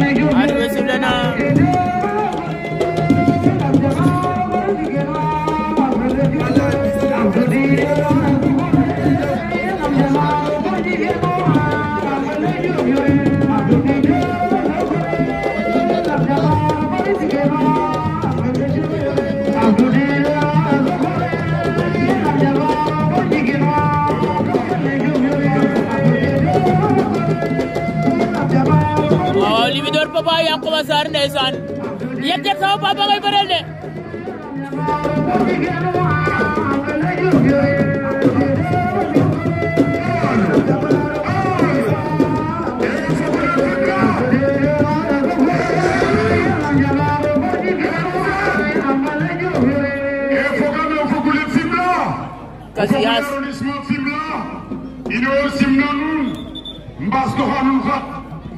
I combat Yankhoba Sarr ndeysaan yëg yëg sama papa ngay bëreel de Kasiyas. Ino simnanun mbas dohanun khat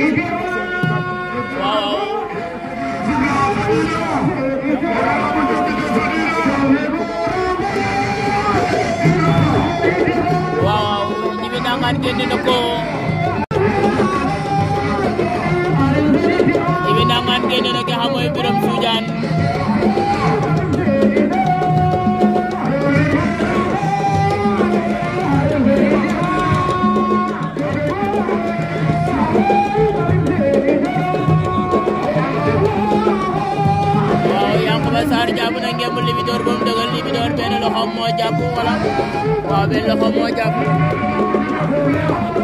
Wow, wow, wow, ako. Ibinangan ganyan ako hamoy biram sa jàpp na ngeen mu Libidor ba mu dëgal loxo moo jàpp wala waaw benn loxo moo jàpp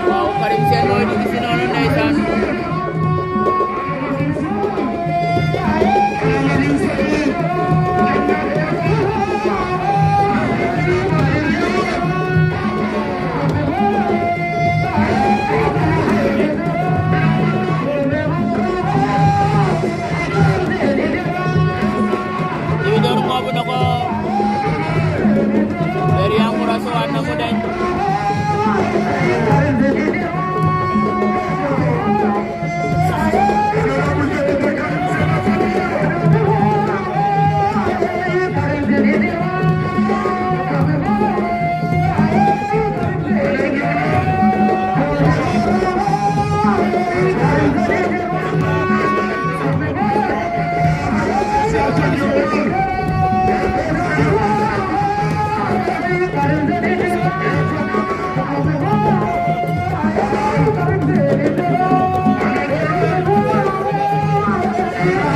waaw Karim moo dugg si noonu Yeah.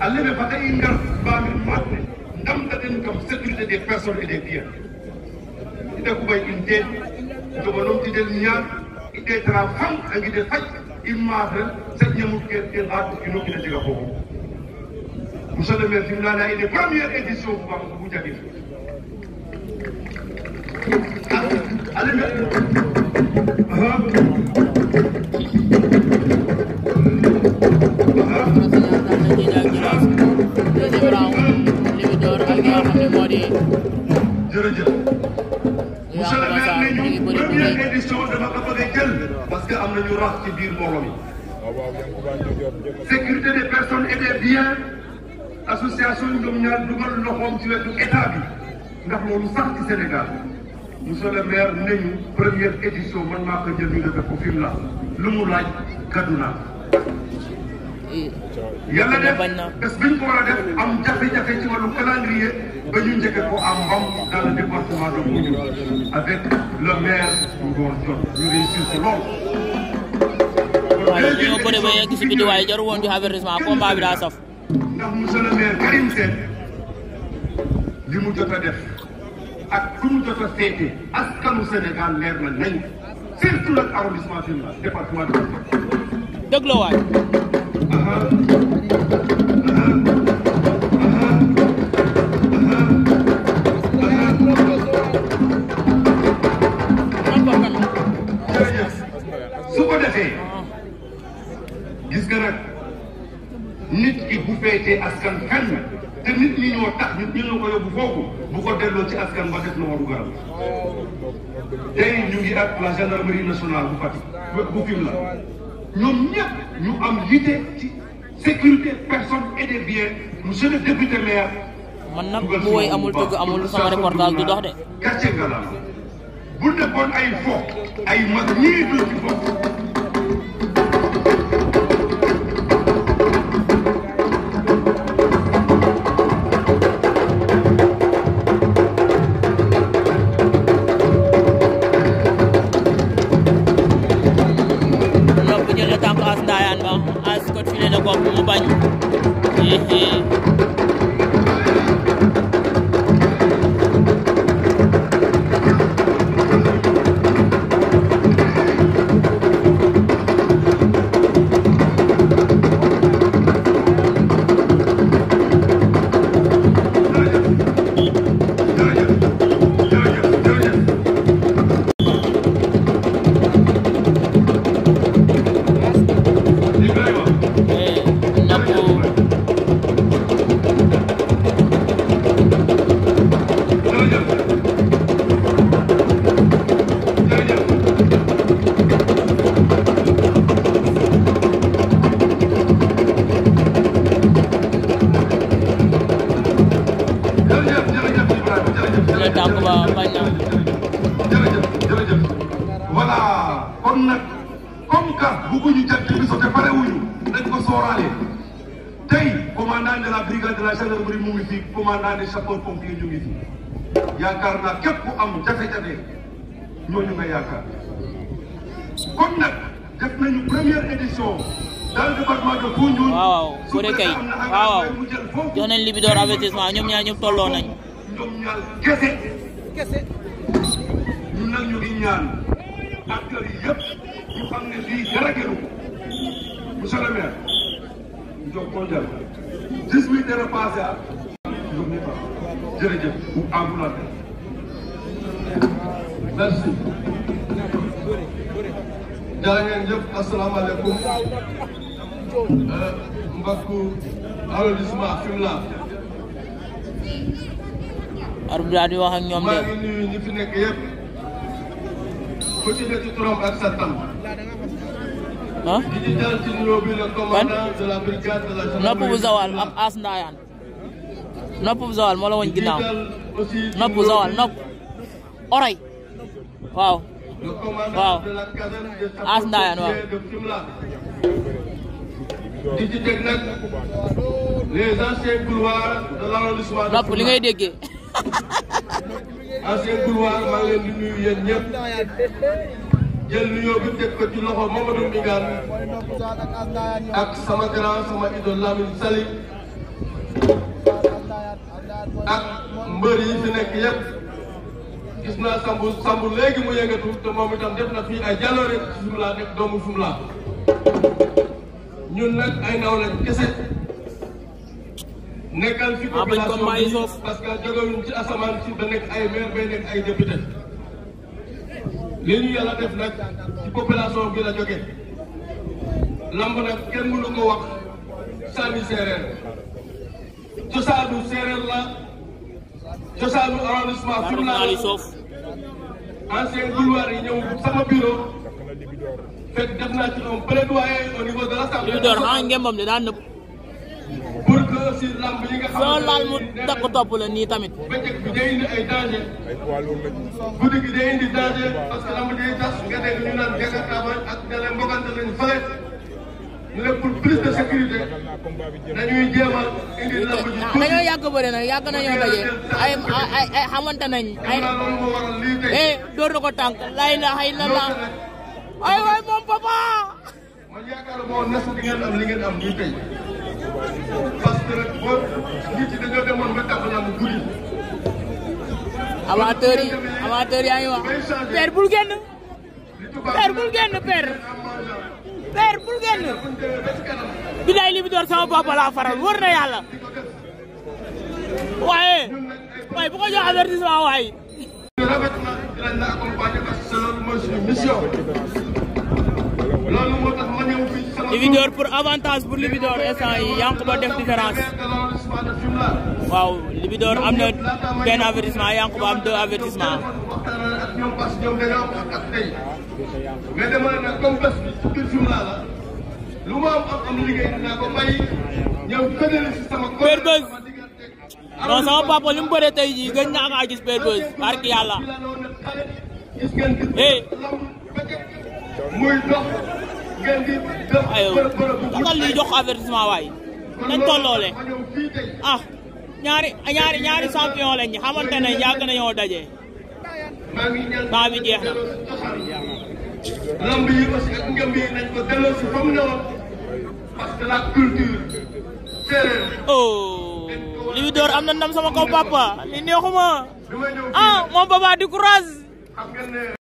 Allah bai faɗa in ba min mu'min ndamta ɗin kam sécurité des personnes et des biens ite kuɓay inte jogonom iɗel ñaan iɗe tara fam a giɗe faj imma tan saññamum kerɗen haɗu inokkina jega fofo monsieur le maire fimlana ide première édition ko bam ko hujaɗin Allah suñu doom ñaar dugal loxoom ci wetu état bi ndax loolu sax ci Sénégal monsieur le maire nañu première édition man maa ko jël ñu defee ko fim la lu mu laaj kaddu naa yàlla def bés biñ ko war a def am jafe-jafe ci wàllu calendrier ba ñu njëkke ko am mbam dans le département de Foundiougne avec le maire Ngor Dione ñu réussir ko lool. waaw dañoo bëri ba yegg si biti waaye jarul woon joxe avertissement combat bi daa saf. ndax monsieur le maire Karim Sène li mu jot a def ak ku mu jot a seete askanu Sénégal leer na nañ surtout nag arrondissement Fimela département de. dëgg féetee askan fenn te nit ñi ñoo tax ñu ñu ko yóbbu foofu bu ko delloo ci askan ba def na waru garam tey ñu ngi ak la gendarmerie nationale bu Fatick bu Fimela ñoom ñëpp ñu am yitte ci sécurité personne et des biens monsieur le député maire. man nag bu woy amul tëgg amul sama reportage du dox de. gàcce nga la bu ay fo ay mag ñii ci fo. 嘿嘿。jërëjëf jërëjëf jërëjëf voilà kon nag comme que bëgguñu jant bi sote pare wuñu dañ ko sóoraale tey commandant de la brigade de la gendarmerie mu ngi fi commandant des sapeurs ñu ngi fi yaakaar naa képp ku am jafe-jafe ñooñu nga yaakaar kon nag def nañu première édition dans le département de Foundiougne. waaw Fodé Kay waaw jox nañ Libidor avertissement ñoom ñaar ñëpp tolloo ñoom ñaar kese ñu nag ñu ngi ñaan acteurs yi ñu xam ne dara gënu monsieur le maire ñu jox ko jël dix huit heures ou merci arrondissement arbitre bi daal di ñoom de. ah. di bu zawal ab as ndaayaan. nopp bu zawal moo la woon ginnaaw. nopp bu zawal nopp. oray. waaw. waaw as ndaayaan waaw. di ci teg nag les en seen couloir maa ngi leen di nuyu yéen ñëpp jël nuyoo bi teg ko ci loxo Mamadou Mbingane ak sama grand sama idole Lamine Saly ak yi fi nekk gis naa Sambu Sambu léegi mu ñun nag ay ndaw lañ nekkal fi population parce que jógewuñ ci asamaan si ba nekk ay maire bay nekk ay député li ñu yàlla def nag ci population bi la jóge lamb nag kenn mënu ko wax sànni séeréer cosaanu séeréer la cosaanu arrondissement la ancien yi sama bureau fekk def naa ci un plaidoyer au niveau de soo mu teg topp la nii tamit. bëccëg bi day indi ay danger. guddi gi day indi danger parce que lamb day tas nga dégg ñu naan Jakarta taabal ak ñeneen mbokante lañu fële. ñu ne pour plus de sécurité dañuy jéem a indi lamb ji. Ah, dañoo ay ay nañ ay. eh na ko tànk lay la ay la la ay waay moom papa. parce que nag ba bul génn. père bul génn père. père bul génn. bilaay li bi door sama bopp laa faral na yàlla. waaye waaye bu ko jox avertissement waaye. rafet na loolu moo tax ma ñëw fii sama. Libidor pour avantage pour Libidor instant yi Yankuba def différence. waaw Libidor am na benn avertissement Yankuba am deux avertissement. mais dama ne nag comme bés bi ci biir journal la lu ma am am am liggéey dinaa ko bàyyi ñëw tëjale si sama. Père Beuz non sama papa li mu bëree tey jii gën naa kaa gis Père Beuz barki yàlla. eh. muy dox ngeen di def bërëb bërëb bu gudd luy jox avertissement waay nañ tolloole ah ñaari ñaari ñaari champion lañ xamante baa bi jeex na lamb oh, door am na ndam sama papa li neexuma ah moom papa di